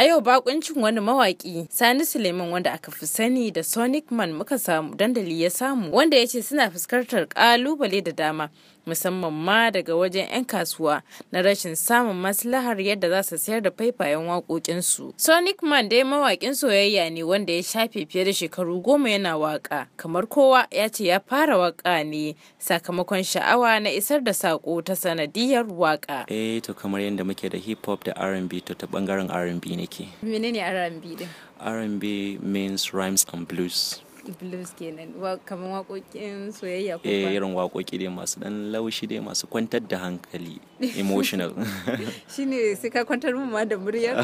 A yau bakuncin wani mawaki Sani Suleiman wanda aka fi sani da Sonic Man muka samu dandali ya samu wanda ya ce suna fuskantar kalubale da dama musamman ma daga wajen 'yan kasuwa na rashin samun maslahar yadda za su sayar da faifayen waƙoƙinsu. Sonic Man dai mawaƙin soyayya ne wanda ya shafe fiye da shekaru goma yana waƙa. Kamar kowa ya ce ya fara waƙa ne sakamakon sha'awa na isar da sako ta sanadiyar waƙa. Eh to kamar yadda muke da hip hop da R&B to ta bangaren R&B ne nake menene R&B din R&B means rhymes and blues blues kenan kamar waƙoƙin soyayya ko eh irin waƙoƙi dai masu dan laushi dai masu kwantar da hankali emotional shine sai ka kwantar mu ma da muryar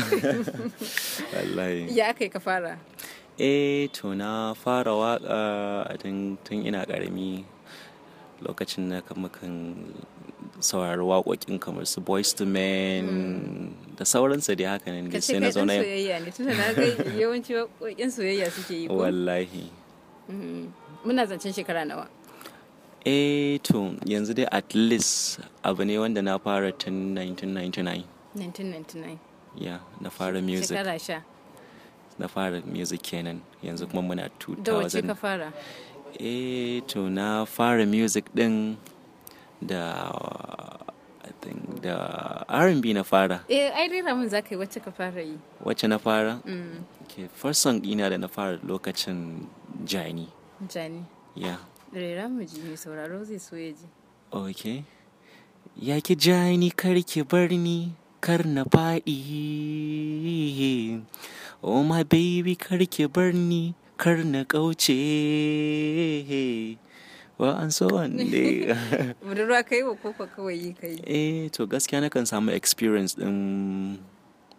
wallahi ya kai ka fara eh to na fara waƙa tun ina ƙarami lokacin na kan saurari waƙoƙin kamar su boys to men da sauransu dai haka ne sai na zauna na yawanci waƙoƙin soyayya suke yi wallahi mm-hmm. muna zancen shekara nawa eh to yanzu dai at least abu ne wanda na fara tun 1999 1999 Ya, na fara music shekara sha na fara music kenan yanzu kuma muna 2000 da wace ka fara eh to na fara music din da da R&B na fara. Eh, ai rera min za ka yi wacce ka fara yi. Wacce na fara? Mm. Okay, first song ina da na fara lokacin Jani. Jani. Ya. Rera mu ji mai sauraro zai so ya ji. Okay. Ya ki Jani kar ki bar ni kar na fadi Oh my baby kar ki bar ni kar na kauce. wa an so wande budurwa kai wa koko kawai yi kai eh to gaskiya nakan samu experience din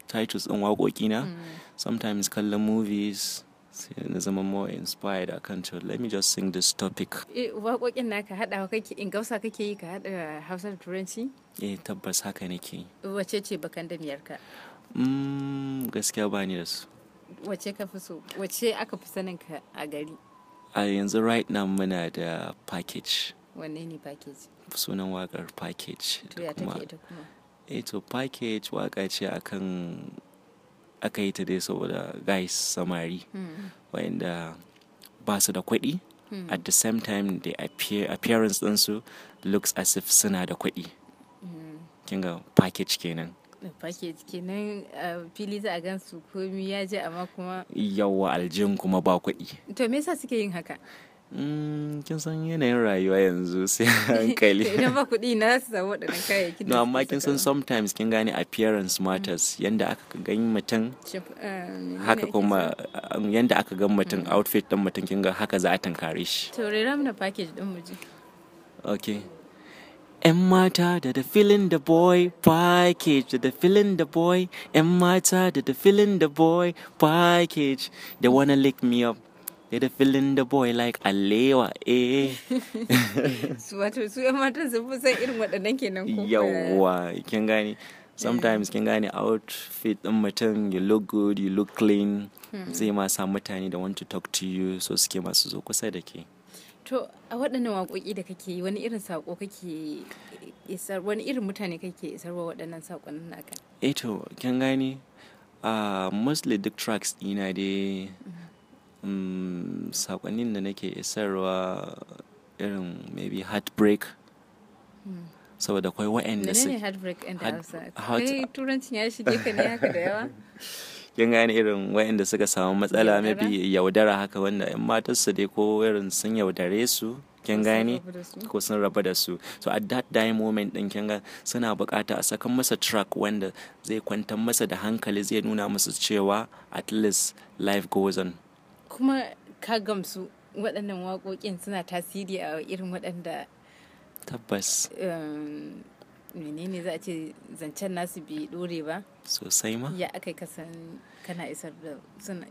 titles din waƙoƙi na mm. sometimes kallon movies sai na zama more inspired akan to let me just sing this topic eh, waƙoƙin naka haɗawa kake in gausa kake yi ka haɗa hausa da turanci eh tabbas haka nake wace ce bakan da damiyarka mm, gaskiya ba ni da su wace ka fi so wace aka fi sanin ka a gari a yanzu right now muna da package wanne ne package sunan wakar package da kuma eh to package waka ce akan aka yi ta dai saboda guys samari hmm. wa'inda ba su da kuɗi hmm. at the same time the appearance appearance ɗinsu looks as if suna da kuɗi hmm. kinga package kenan package kenan fili za a gan su komi ya je amma kuma yawa aljin kuma ba kuɗi to me yasa suke yin haka mm, kin san yanayin rayuwa yanzu sai hankali idan ba kuɗi na su samu waɗannan kayayyaki no amma kin san sometimes kin gane appearance matters mm. ah, um, yanda aka gan mutum haka kuma yanda aka gan mutum outfit din mutum kin ga haka za a tankare shi to rera mana package din mu je okay 'yan mata da da filin da boy package da da filin da boy 'yan mata da da filin da boy package they wanna lick me up da da filin da boy like alewa eh su wato su 'yan mata sun fi san irin waɗannan kenan kuma yawwa kin gani sometimes kin gane outfit din mutum you look good you look clean hmm. zai ma sa mutane da want to talk to you so suke masu zo kusa da ke to a waɗannan waƙoƙi da kake yi wani irin saƙo kake isar wani irin mutane kake isarwa waɗannan saƙonin naka eh to kin gane mostly duk tracks ina dai hmm. mm, saƙonin da nake isarwa irin maybe heartbreak hmm. saboda akwai wa'anda su ne turancin ya shige ka ne haka da yawa kin gane irin wa'anda suka samu matsala mafi yaudara haka wanda yan matarsu dai ko irin sun yaudare su kin gane ko sun rabu da su so at that time moment din kin ga suna bukata a sakan masa track wanda zai kwantar masa da hankali zai nuna musu cewa at least life goes on kuma ka gamsu waɗannan waƙoƙin suna tasiri a irin waɗanda tabbas menene za a ce zancen nasu bi dore ba sosai ma ya aka kasan kana isar da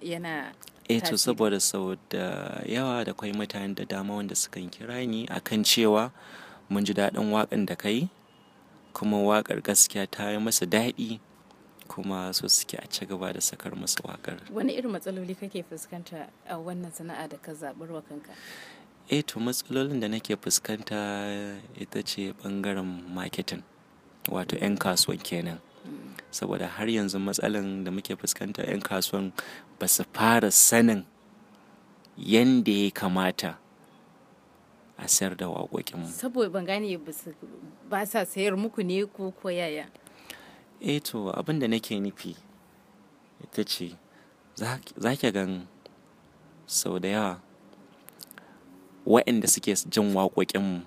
yana eh to saboda sau da yawa da kwai mutane da dama wanda sukan kira ni a kan cewa mun ji daɗin waƙan da kai kuma waƙar gaskiya ta yi masa daɗi kuma so suke a ci gaba da sakar masa waƙar wani irin matsaloli kake fuskanta a wannan sana'a da ka zaɓar wa kanka Eh to matsalolin da nake fuskanta ita ce ɓangaren marketing wato 'yan kasuwan kenan. Saboda har yanzu matsalan da muke fuskanta 'yan kasuwan ba su fara sanin yadda ya kamata a sayar da waƙoƙin mu. Saboda ban gane ba sa sayar muku ne ko ko yaya? Eh to abin da nake nufi ita ce za ki gan sau da yawa waɗanda suke jin waƙoƙinmu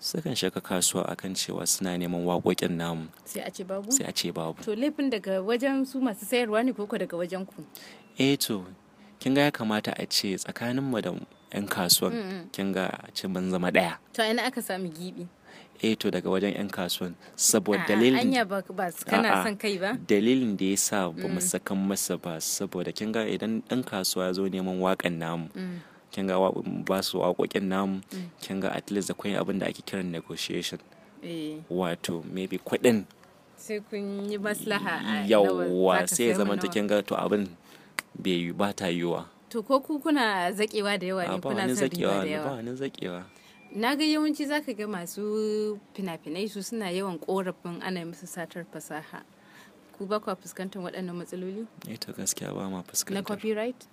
sukan shaka kasuwa akan cewa suna neman waƙoƙin namu sai a ce babu sai a ce babu to laifin daga wajen su masu sayarwa ne koko daga wajen ku eh to kin ga ya kamata a ce tsakanin mu da yan kasuwan kin ga ce mun zama daya to ina aka sami gibi eh to daga wajen yan kasuwan saboda dalilin anya ba ba kana son kai ba dalilin da ya sa ba mu mm. sakan masa ba saboda kin ga idan dan kasuwa ya zo neman waƙan namu mm. kin ga ba su waƙoƙin namu kin ga at least akwai abin da ake kiran negotiation eh. wato maybe kuɗin sai kun yi maslaha yawwa sai ya zama ta kin ga to abin bai yi ba ta yiwa to ko ku kuna zakewa da yawa ne kuna son riba da yawa ba zakewa na ga yawanci zaka ga masu fina-finai su suna yawan korafin ana musu satar fasaha ku ba kwa fuskantar waɗannan matsaloli? Eh ta gaskiya ba ma fuskantar. Na copyright?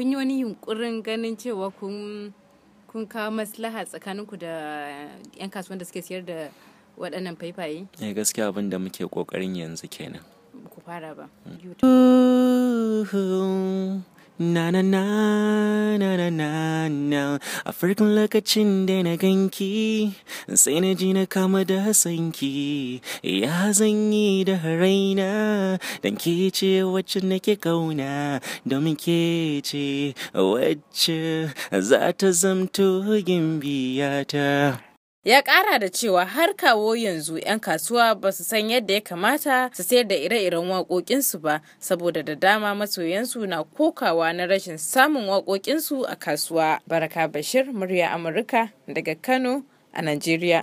kun yi wani yunkurin ganin cewa kun kun kawo maslaha tsakaninku da 'yan kasuwan da suke siyar da waɗannan faifaye? ne eh, gaskiya abin da muke ƙoƙarin yanzu kenan. Ku fara ba. Mm. na na na na na na na a farkon lokacin da na ganki sai na ji na kama da sanki ya zanyi da raina don ke ce wacce nake kauna domin ke ce wacce za ta zamto gimbiyata Ya kara da cewa har kawo yanzu 'yan kasuwa ba su san yadda ya kamata su sayar da ire-iren waƙoƙinsu ba saboda da dama masoyansu na kokawa na rashin samun waƙoƙinsu a kasuwa. Baraka Bashir, murya Amurka daga Kano a Najeriya.